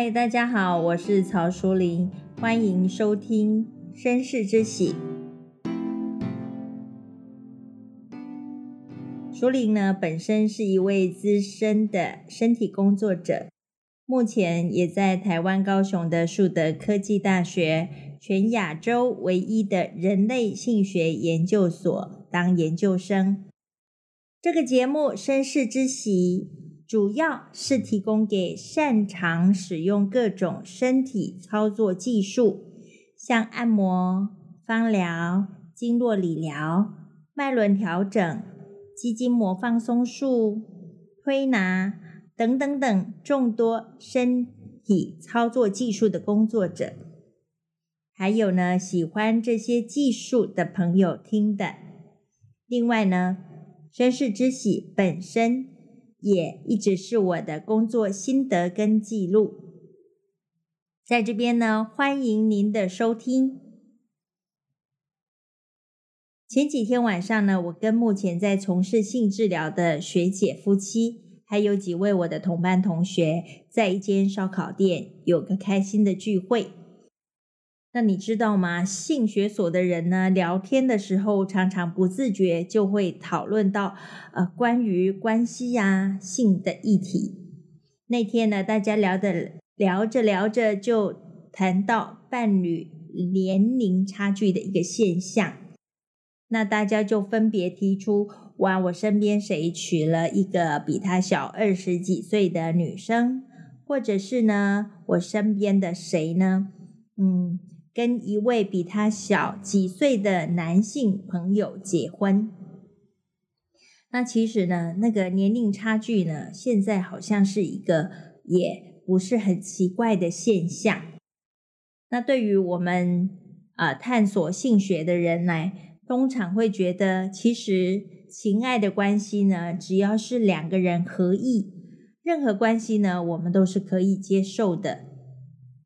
嗨，大家好，我是曹淑玲，歡迎收聽《身世之喜》。淑玲呢，本身是一位資深的身體工作者，目前也在台灣高雄的樹德科技大學全亞洲唯一的人類性學研究所當研究生。這個節目《身世之喜》。主要是提供給擅長使用各種身體操作技術，像按摩、芳療、經絡理療、脈輪調整、肌筋膜放鬆術、推拿等等等眾多身體操作技術的工作者，還有呢喜歡這些技術的朋友聽的。另外呢，紳士之喜本身。也、yeah, 一直是我的工作心得跟記錄，在這邊呢，歡迎您的收聽。前幾天晚上呢，我跟目前在從事性治療的學姐夫妻，還有幾位我的同班同學，在一間燒烤店有個開心的聚會。那你知道嗎？性學所的人呢，聊天的時候常常不自覺就會討論到，呃，關於關係呀、啊、性的議題。那天呢，大家聊的聊着聊着就談到伴侶年齡差距的一個現象。那大家就分別提出，哇，我身邊誰娶了一個比他小二十幾歲的女生，或者是呢，我身邊的誰呢，嗯。跟一位比他小幾歲的男性朋友結婚，那其實呢，那個年齡差距呢，現在好像是一個也不是很奇怪的現象。那對於我們啊、呃，探索性學的人來，通常會覺得，其實情愛的關係呢，只要是兩個人合意，任何關係呢，我們都是可以接受的，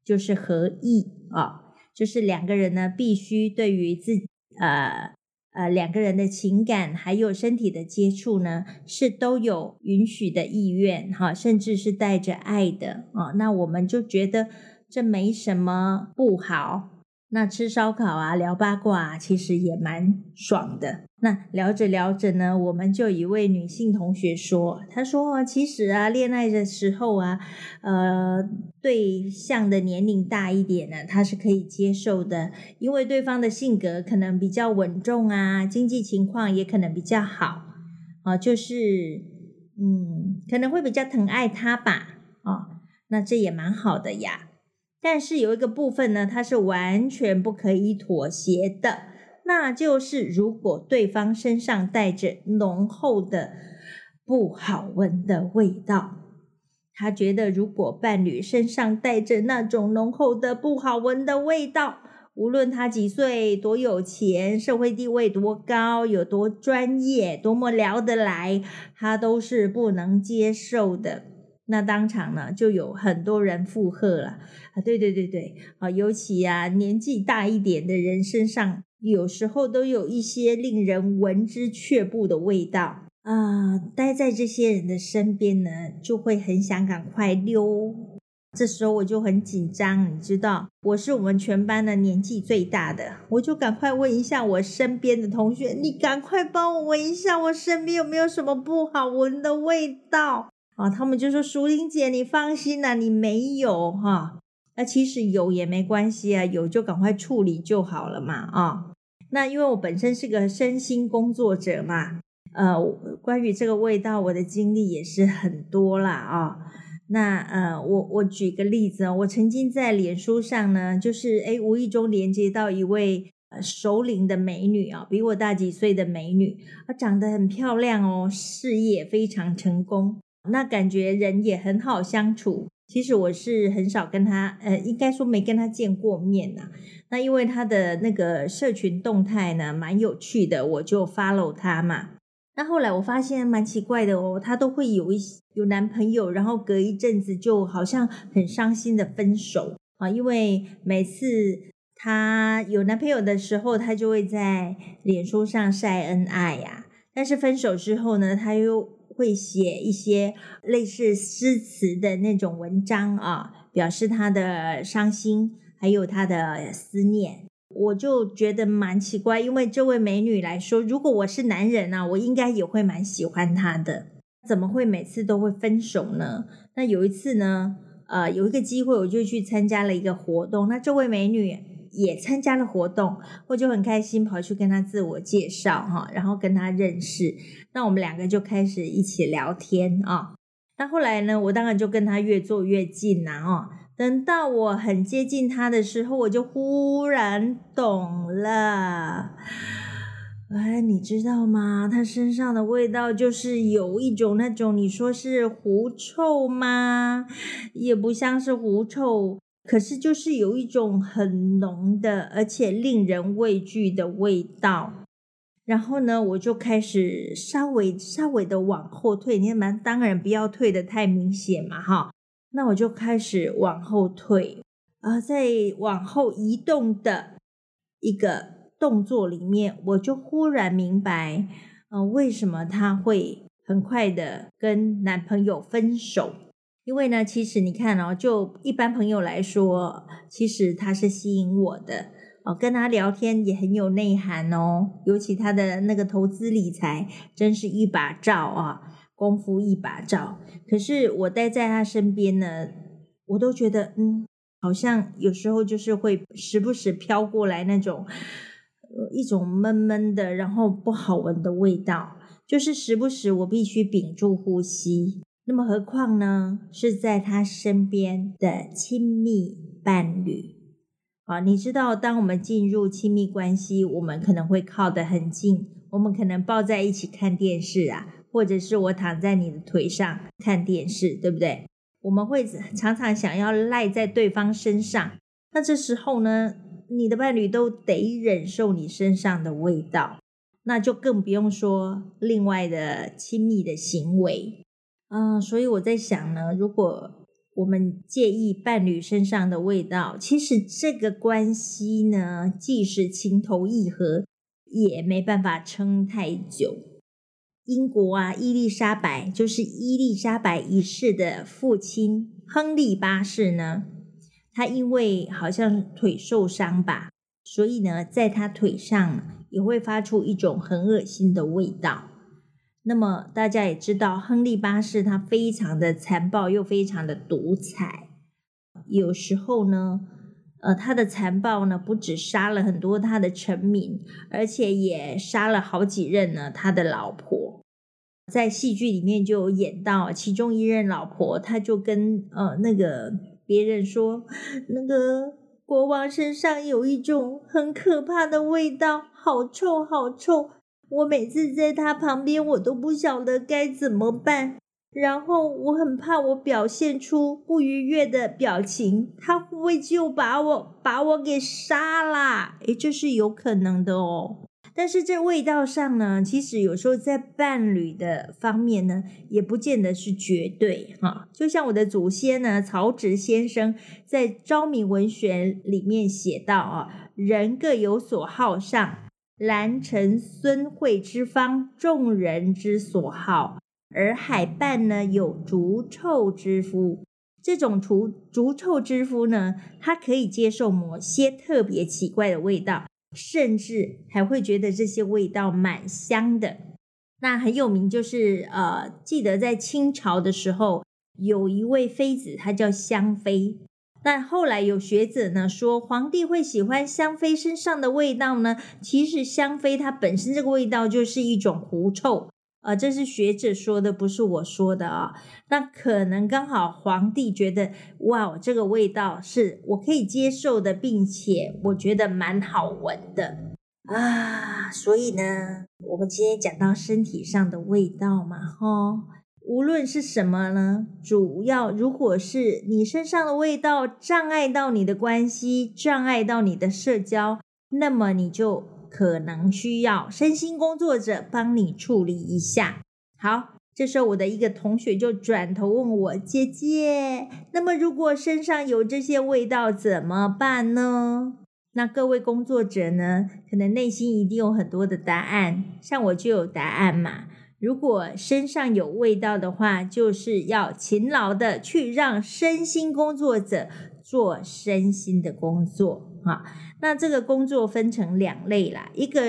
就是合意啊。哦就是兩個人呢，必須對於自己，呃，呃，兩個人的情感，還有身體的接觸呢，是都有允許的意願，哈，甚至是帶着愛的啊、哦。那我們就覺得這沒什麼不好。那吃燒烤啊，聊八卦啊，其實也蠻爽的。那聊着聊着呢，我們就有一位女性同學說，她說啊，其實啊，戀愛的時候啊，呃，對象的年齡大一點呢，她是可以接受的，因為對方的性格可能比較穩重啊，經濟情況也可能比較好啊，呃，就是嗯，可能會比較疼愛她吧啊，哦，那這也蠻好的呀。但是有一個部分呢，他是完全不可以妥協的，那就是如果對方身上帶着濃厚的不好聞的味道，他覺得如果伴侶身上帶着那種濃厚的不好聞的味道，無論他幾歲、多有錢、社會地位多高、有多專業、多麼聊得來，他都是不能接受的。那當場呢，就有很多人附和了啊！對對對對，啊，尤其啊，年紀大一點的人身上，有時候都有一些令人聞之卻步的味道啊。呃，待在這些人的身邊呢，就會很想趕快溜。這時候我就很緊張，你知道，我是我們全班的年紀最大的，我就趕快問一下我身邊的同學：“你趕快幫我聞一下，我身邊有沒有什麼不好聞的味道？”啊、哦，他們就說：“熟齡姐，你放心啦、啊，你沒有哈、哦。那其實有也沒關係啊，有就趕快處理就好了嘛啊、哦。那因為我本身是個身心工作者嘛，呃，關於這個味道，我的經歷也是很多啦啊、哦。那呃，我我舉個例子啊，我曾經在臉書上呢，就是誒無意中連接到一位、呃、熟齡的美女啊，比我大幾歲的美女啊，長得很漂亮哦，事業非常成功。”那感覺人也很好相處。其實我是很少跟他，呃，應該說沒跟他見過面吶、啊。那因為他的那個社群動態呢，蠻有趣的，我就 follow 他嘛。那後來我發現蠻奇怪的哦，他都會有一些，有男朋友，然後隔一陣子就好像很傷心的分手啊。因為每次他有男朋友的時候，他就會在臉書上曬恩愛呀、啊。但是分手之後呢，他又。會寫一些類似詩詞的那種文章啊，表示他的傷心，還有他的思念。我就覺得蠻奇怪，因為這位美女來說，如果我是男人啊，我應該也會蠻喜歡她的，怎麼會每次都會分手呢？那有一次呢，呃，有一個機會，我就去參加了一個活動，那這位美女。也參加了活動，我就很開心，跑去跟他自我介紹哈，然後跟他認識。那我們兩個就開始一起聊天啊。那後來呢，我當然就跟他越坐越近了哦。等到我很接近他的時候，我就忽然懂了。哎，你知道嗎？他身上的味道就是有一種那種，你說是狐臭嗎？也不像是狐臭。可是，就是有一種很濃的，而且令人畏懼的味道。然後呢，我就開始稍微、稍微的往後退。你們當然，不要退的太明顯嘛，哈。那我就開始往後退。啊，在往後移動的一個動作裡面，我就忽然明白，嗯，為什麼她會很快的跟男朋友分手。因為呢，其實你看哦，就一般朋友來說，其實他是吸引我的哦，跟他聊天也很有內涵哦。尤其他的那個投資理財，真是一把罩啊，功夫一把罩。可是我待在他身邊呢，我都覺得嗯，好像有時候就是會時不時飄過來那種，呃，一種悶悶的，然後不好聞的味道，就是時不時我必須屏住呼吸。那麼何況呢？是在他身邊的親密伴侶。好，你知道，當我們進入親密關係，我們可能會靠得很近，我們可能抱在一起看電視啊，或者是我躺在你的腿上看電視，對不對？我們會常常想要賴在對方身上。那這時候呢，你的伴侶都得忍受你身上的味道，那就更不用說另外的親密的行為。嗯，所以我在想呢，如果我們介意伴侶身上的味道，其實這個關係呢，即使情投意合，也沒辦法撐太久。英國啊，伊麗莎白就是伊麗莎白一世的父親亨利八世呢，他因為好像是腿受傷吧，所以呢，在他腿上也會發出一種很惡心的味道。那麼大家也知道，亨利八世他非常的殘暴，又非常的獨裁。有時候呢，呃，他的殘暴呢，不只殺了很多他的臣民，而且也殺了好幾任呢他的老婆。在戲劇裡面就有演到，其中一任老婆，他就跟呃那個別人說，那個國王身上有一種很可怕的味道，好臭，好臭。我每次在他旁邊，我都不曉得該怎麼辦。然後我很怕我表現出不愉悅的表情，他會不會就把我把我給殺啦？誒，這是有可能的哦。但是這味道上呢，其實有時候在伴侶的方面呢，也不見得是絕對哈，啊。就像我的祖先呢，曹植先生在《昭明文選》裡面寫道啊：“人各有所好尚。”蘭城孫蕙之芳，眾人之所好。而海畔呢，有逐臭之夫。這種除逐臭之夫呢，它可以接受某些特別奇怪的味道，甚至還會覺得這些味道蠻香的。那很有名，就是呃，記得在清朝的時候，有一位妃子，她叫香妃。但後來有學者呢說，皇帝會喜歡香妃身上的味道呢？其實香妃它本身這個味道就是一種狐臭。呃，這是學者說的，不是我說的啊、哦。那可能剛好皇帝覺得，哇，這個味道是我可以接受的，並且我覺得蠻好聞的啊。所以呢，我們今天講到身體上的味道嘛，哈。無論是什麼呢？主要如果是你身上的味道障礙到你的關係，障礙到你的社交，那麼你就可能需要身心工作者幫你處理一下。好，這時候我的一個同學就轉頭問我：「姐姐，那麼如果身上有這些味道怎麼辦呢？」那各位工作者呢，可能內心一定有很多的答案，像我就有答案嘛。如果身上有味道的話，就是要勤勞的去讓身心工作者做身心的工作啊。那這個工作分成兩類啦，一個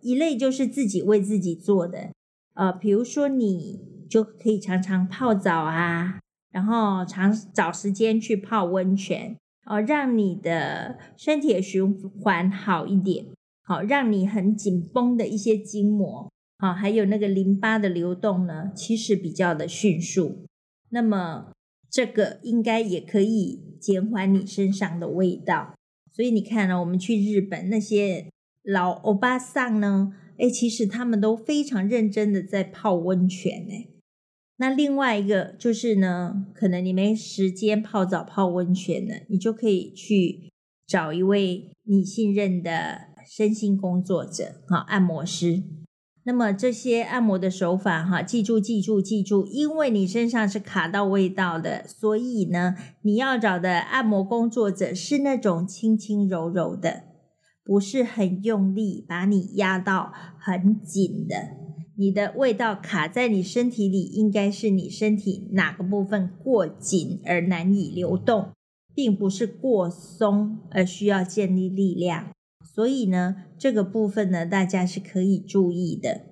一類就是自己為自己做的，呃，比如說你就可以常常泡澡啊，然後常找時間去泡溫泉哦，讓你的身體循環好一點，好、哦、讓你很緊繃的一些筋膜。啊，還有那個淋巴的流動呢，其實比較的迅速。那麼這個應該也可以減緩你身上的味道。所以你看呢，哦，我們去日本那些老歐巴桑呢，哎，其實他們都非常認真的在泡溫泉呢。那另外一個就是呢，可能你沒時間泡澡泡溫泉呢，你就可以去找一位你信任的身心工作者啊，按摩師。那麼這些按摩的手法，哈，記住，記住，記住，因為你身上是卡到味道的，所以呢，你要找的按摩工作者是那種輕輕柔柔的，不是很用力把你壓到很緊的。你的味道卡在你身體裡，應該是你身體哪個部分過緊而難以流動，並不是過鬆而需要建立力量。所以呢，這個部分呢，大家是可以注意的。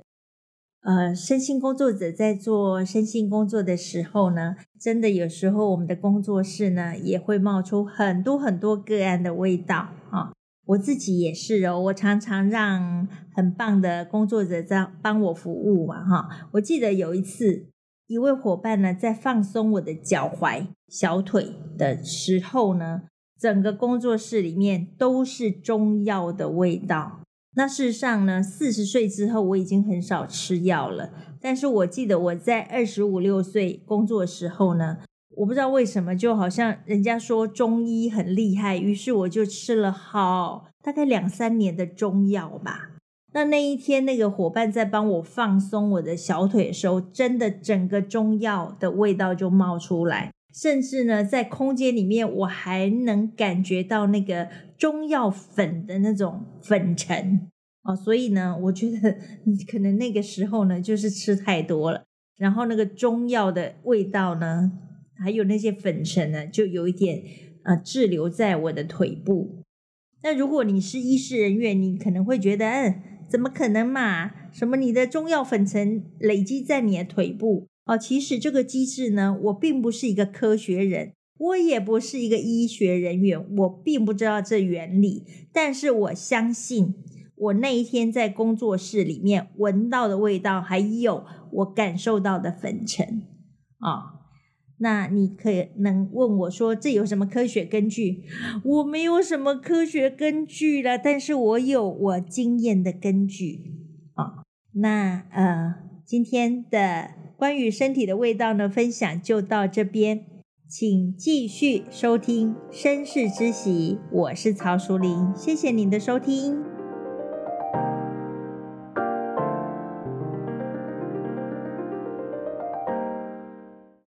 呃，身心工作者在做身心工作的時候呢，真的有時候我們的工作室呢，也會冒出很多很多個案的味道，哦。我自己也是哦，我常常讓很棒的工作者在幫我服務嘛，哈，哦。我記得有一次，一位夥伴呢，在放鬆我的腳踝、小腿的時候呢。整個工作室裡面都是中藥的味道。那事實上呢，四十歲之後我已經很少吃藥了。但是我記得我在二十五六歲工作的時候呢，我不知道為什麼，就好像人家說中醫很厲害，於是我就吃了好大概兩三年的中藥吧。那那一天，那個夥伴在幫我放鬆我的小腿的時候，真的整個中藥的味道就冒出來。甚至呢，在空間裡面，我還能感覺到那個中藥粉的那種粉塵哦，所以呢，我覺得可能那個時候呢，就是吃太多了，然後那個中藥的味道呢，還有那些粉塵呢，就有一點啊、呃、滯留在我的腿部。那如果你是醫師人員，你可能會覺得，嗯、哎，怎麼可能嘛？什麼你的中藥粉塵累積在你的腿部？哦，其實這個機制呢，我並不是一個科學人，我也不是一個醫學人員，我並不知道這原理。但是我相信，我那一天在工作室裡面聞到的味道，還有我感受到的粉塵啊、哦。那你可能問我說，這有什麼科學根據？我沒有什麼科學根據了，但是我有我經驗的根據啊、哦。那呃，今天的。關於身體的味道呢，分享就到這邊，請繼續收聽《身世之喜》，我是曹淑玲，謝謝您的收聽。